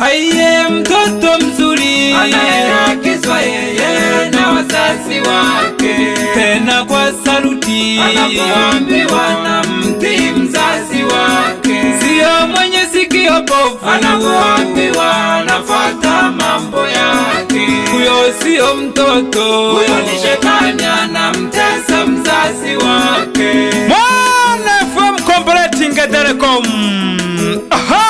Haiye mtoto mzuri anayeagizwa yeye na wazazi wake, tena kwa saluti anapoambiwa na mti mzazi wake, sio mwenye sikio bovu anapoambiwa anafuata mambo yake. Huyo sio mtoto, huyo ni shetani anamtesa mzazi wake. Mwana FM Complating Telecom. Aha!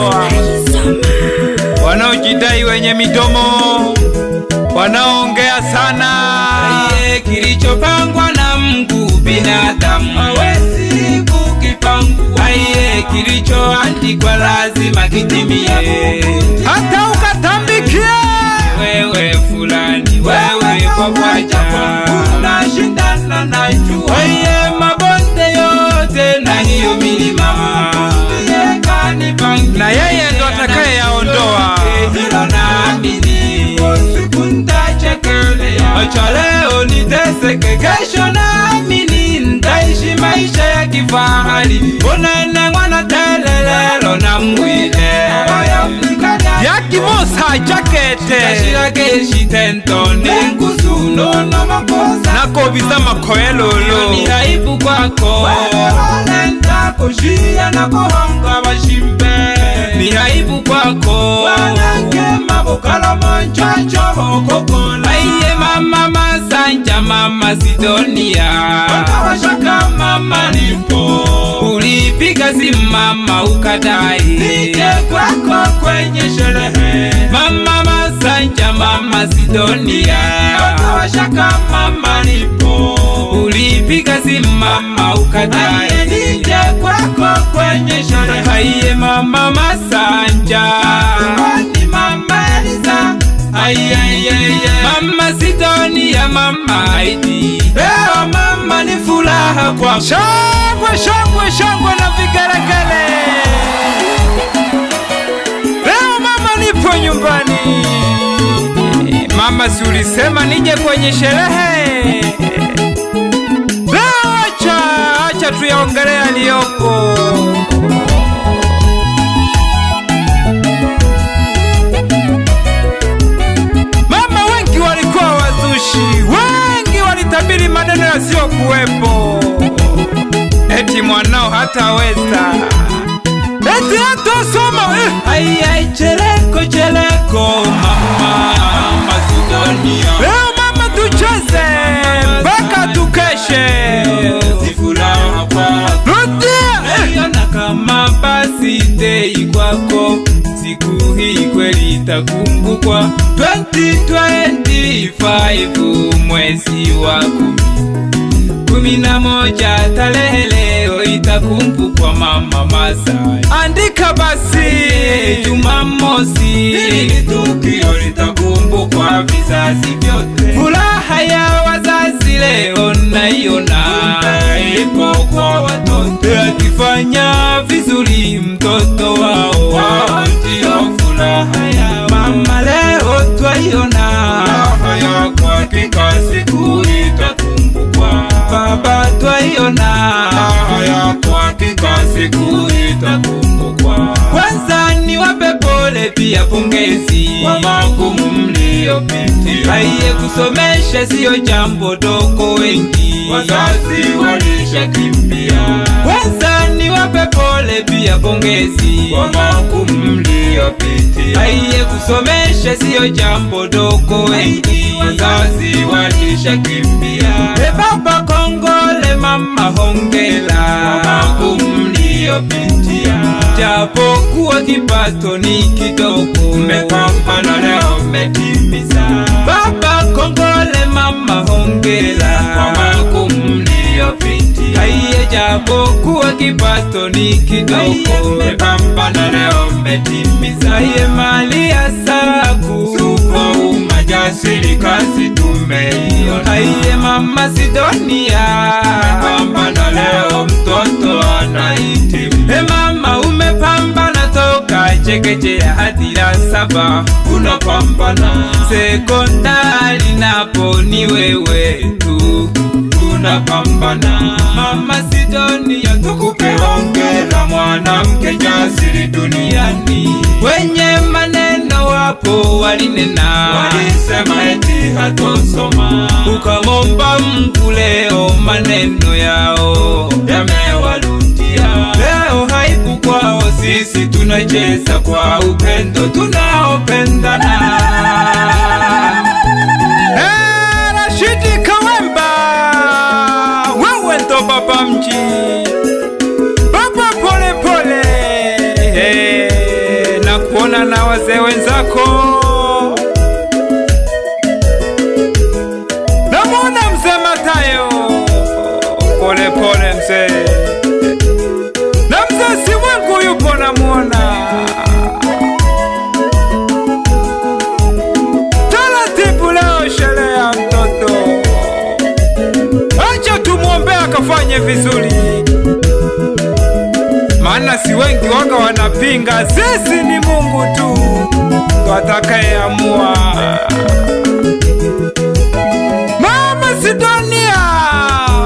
hawa wanaojidai wenye midomo wanaongea sana kilichopangwa na mgu binadamu hawezi kukipangua. Aiye, kilichoandikwa lazima kitimie, hata ukatambikie wewe fulani, wewe kwa kwaja jaketenakobisa makhoelolonaibukwako ebalenda kojia na kohonga bashimpe ni aibu kwako. Wanange Aiye mama masanja mama Sidonia. Wakawashaka mama nipo. Ulipiga simu mama ukadai. kwako kwenye Mama masanja mama Sidonia. mama nipo. Ulipiga simu mama ukadai. kwako kwenye aye mama Masanja, ni mama Eliza, aye aye aye mama Sidoni ya mama Aidi. Leo mama ni furaha kwa shangwe shangwe shangwe na vigelegele. Leo mama nipo nyumbani. Mama, si ulisema nije kwenye sherehe? Leo acha acha tuyaongelee yaliyoko. wataweza. Eti hata soma eh. Ai ai mama Macedonia. Oh. Leo mama tucheze mpaka tukeshe. Zifuraha kwako. Rudia. Ona eh. kama basi dei kwako siku hii kweli itakumbukwa 2025 mwezi wa kumi kumi na moja tarehe leo itakumbukwa mama Masai. Andika basi Jumamosi, hili tukio litakumbukwa vizazi vyote. Furaha ya wazazi leo naiona ipo kwa watoto, akifanya vizuri mtoto wao ndio sana ya kuhakika siku itakumbukwa. Kwanza ni wape pole pia pongezi kwa magumu mliyopitia. Aiye kusomesha siyo jambo dogo, wengi wazazi walishakimbia. Kwanza ni wape pole pia pongezi kwa magumu mliyopitia. Aiye kusomesha siyo jambo dogo, wengi wazazi walishakimbia. Hey, baba kongole mama hongela japo kuwa kipato ni kidogo, leo Baba kongole, mama hongela kwa magumu uliyopitia, kipato ni kidogo, leo Aiye, mali hasa ujasiri, kazi tumeiona. Aiye mama Sidonia, umepambana leo, mtoto anahitimu. Hey mama, umepambana toka chekechea hadi la saba, unapambana sekondari, napo ni wewe tu tunapambana. Mama Sidonia, tukupe hongera, mwanamke jasiri duniani wenye maneno wapo walinena, walisema eti hatosoma, ukamomba Mungu leo maneno yao yamewarudia. Leo haiku kwao, sisi tunacheza kwa upendo tuna kupinga, sisi ni Mungu tu ndo atakayeamua. Mama Sidonia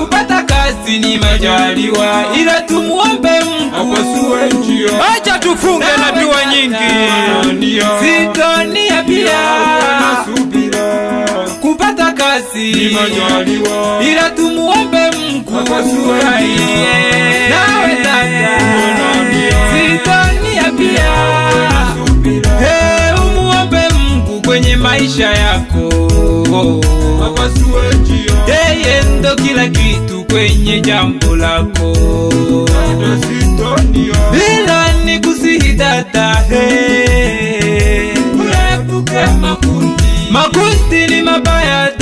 kupata kazi ni majaliwa, ila tumuombe Mungu asue njia. Acha tufunge na dua nyingi. Sidonia pia kupata kazi ni majaliwa, ila tumuombe Mungu asue njia. Nawe dada Sidonia Nasubiria, nasubiria. Hey, umuombe Mungu kwenye maisha yako yeye ndo kila kitu kwenye jambo lako, bila ni kusihi hey. Makundi ni mabaya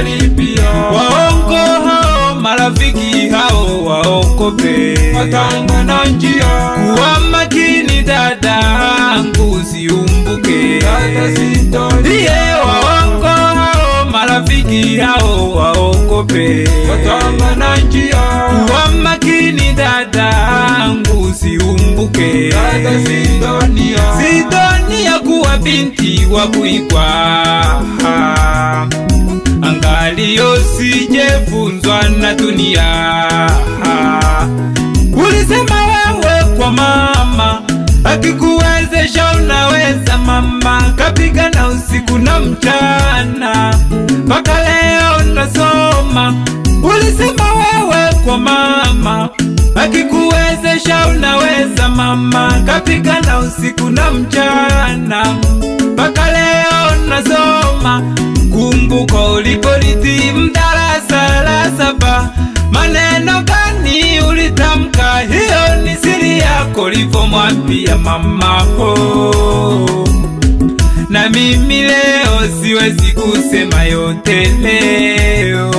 watalipia waongo hao, marafiki hao waokope, wataungana njia. Kuwa makini dada yangu, usiumbuke dada, sitoliye waongo hao, marafiki hao waokope, wataungana njia. Kuwa makini dada yangu, usiumbuke dada, Sidonia, Sidonia kuwa binti wa kuigwa angalio sijefunzwa na dunia. Ulisema wewe kwa mama akikuwezesha unaweza mama, kapigana usiku na mchana mpaka leo nasoma. Ulisema wewe kwa mama akikuwezesha unaweza mama, kapiga na usiku na mchana mpaka leo nasoma. Kumbuko ulipolithi mdara sala saba, maneno gani ulitamka? Hiyo ni siri yako, ulivyomwambia mamako. Na mimi leo siwezi kusema yote leo,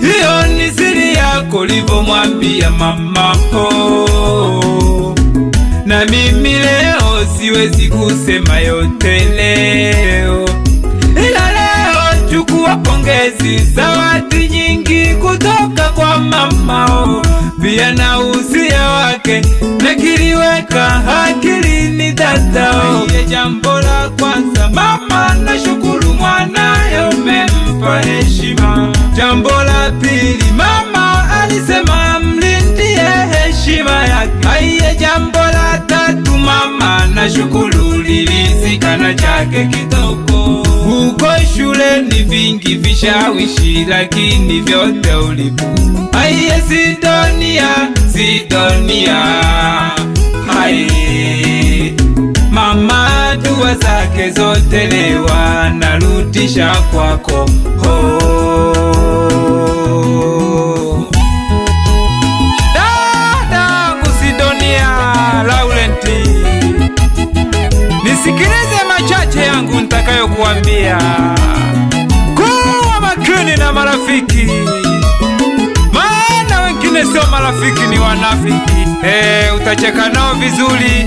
hiyo ni siri yako, ulivyomwambia mamako. Na mimi leo siwezi kusema yote leo pongezi, zawadi nyingi kutoka kwa o, pia na usia wake nakiliweka akilini o. Ye, jambo la kwanza mama, nashukuru mwanayo umempa heshima. Jambo la pili mama alisema mlindie heshima yake. Aiye, jambo la tatu mama, nashukuru lilisikana chake kitoko huko shule ni vingi vishawishi, lakini vyote ulipu. Aiye Sidonia, Sidonia, hai mama, dua zake zote lewa narudisha kwako oh. kuambia kuwa makini na marafiki, maana wengine sio marafiki, ni wanafiki. E, utacheka nao vizuri,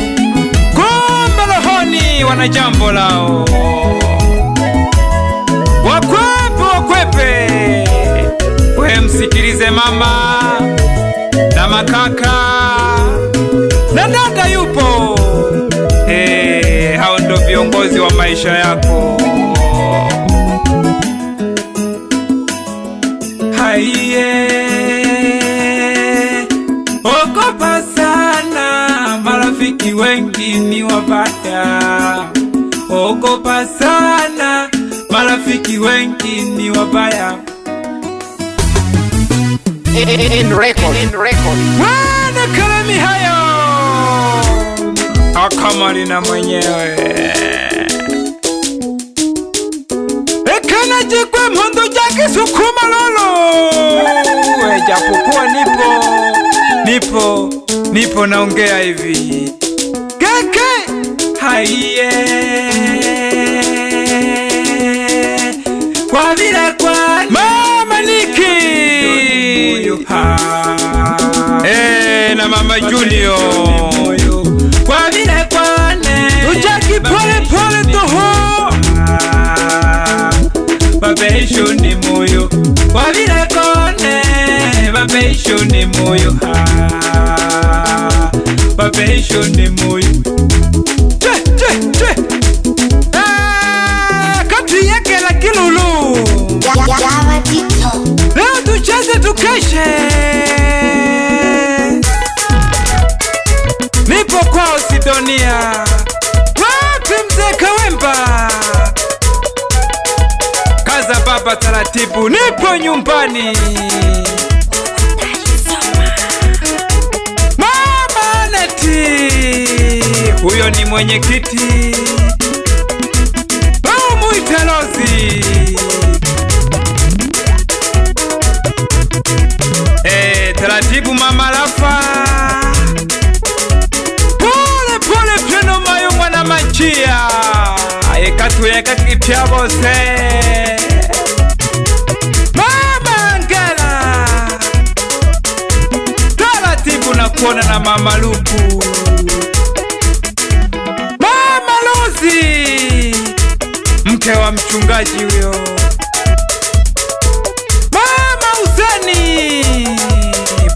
kumbe rohoni wana jambo lao. Wakwepe, wakwepe, we msikilize mama na makaka maisha yako. Haiye, okopa sana, marafiki wengi ni wabaya. Okopa sana, marafiki wengi ni wabaya. In, record. Wana kalemi hayo akamali na mwenyewe nijikwe mhundu jakisukuma lolo japokuwa nipo nipo nipo naongea hivi keke haiye kwa vile kwa mama niki ha. Eh, na mama Junior kwa vile kwane ujaki pole pole toho vapeishoni moyo kwavile kone vapeishoni moyo vapeishoni moyo katuyekela kilulu leo tucheze tukeshe taratibu, nipo nyumbani. Mama Neti, huyo ni mwenyekiti Baumuitalozi. E, eh, taratibu mama Rafa, pole pole pyeno mayo mwana machia ekatuleka kipya bose kuona na Mama Lupu. Mama Luzi, mke wa mchungaji huyo. Mama Uzeni,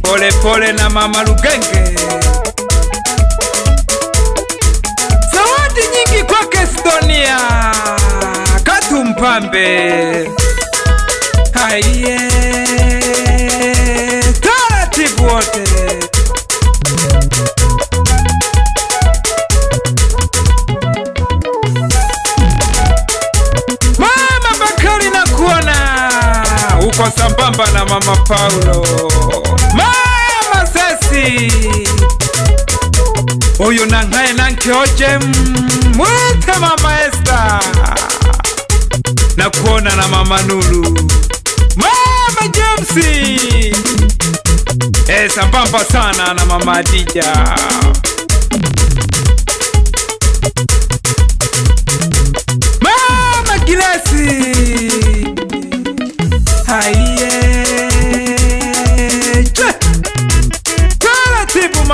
pole pole na Mama Lugenge. Zawadi nyingi kwake Estonia, Katumpambe. Haiye Paulo. Mama Sesi uyu na nankioje Mwete mama Esta na kuona na mama Nuru, mama James Esa eh, pampa sana na mama Adija. Mama Gilesi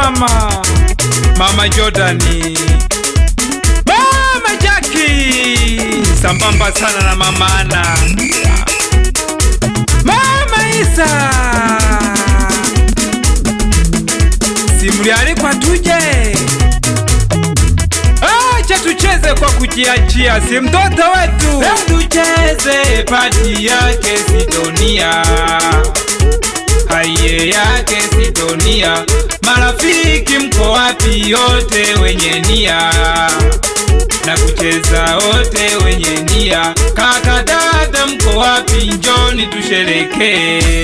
mama, mama Jordani, mama Jackie, sambamba sana na mama Ana, mama Isa, kwa tuje tucheze kwa kujiachia, si mtoto wetu, tucheze pati yake Sidonia haiye yake sidonia Marafiki mko wapi? Yote wenye nia na kucheza wote wenye nia. Kaka dada mko wapi? Njoni tusherekee.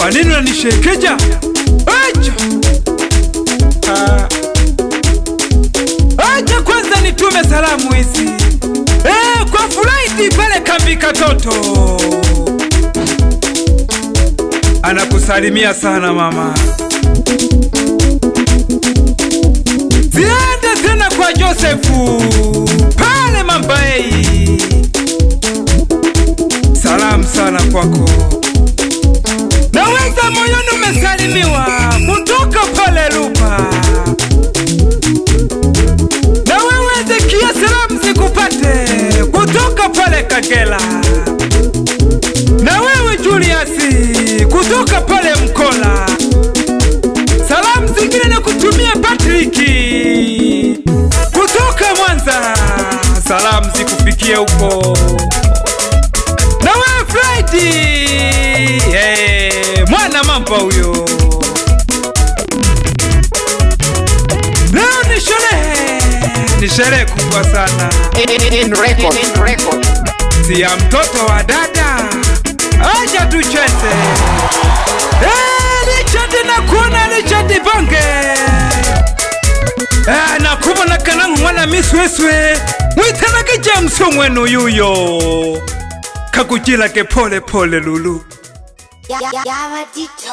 Kwa nini unanishekeja? Acha. Ah. Acha kwanza nitume salamu hizi. Eh, kwa furaiti pale kambi katoto. Anakusalimia sana mama. Ziende tena kwa Josefu pale Mambaei. Salamu sana kwako kusalimiwa kutoka pale Lupa, na wewe Zekia, salamu zikupate kutoka pale kakela na wewe Juliasi kutoka pale Mkola, salamu zingine na kutumia Patriki kutoka Mwanza, salamu zikufikie huko na wewe Fredi bwana mampa huyo. Leo ni sherehe, ni sherehe kubwa sana si ya mtoto wa dada, acha tucheze eh, Richard na kuona Bange eh, mwana misweswe mwitana mwenu yuyo kakuchila ke pole pole lulu Я, я, я водитель.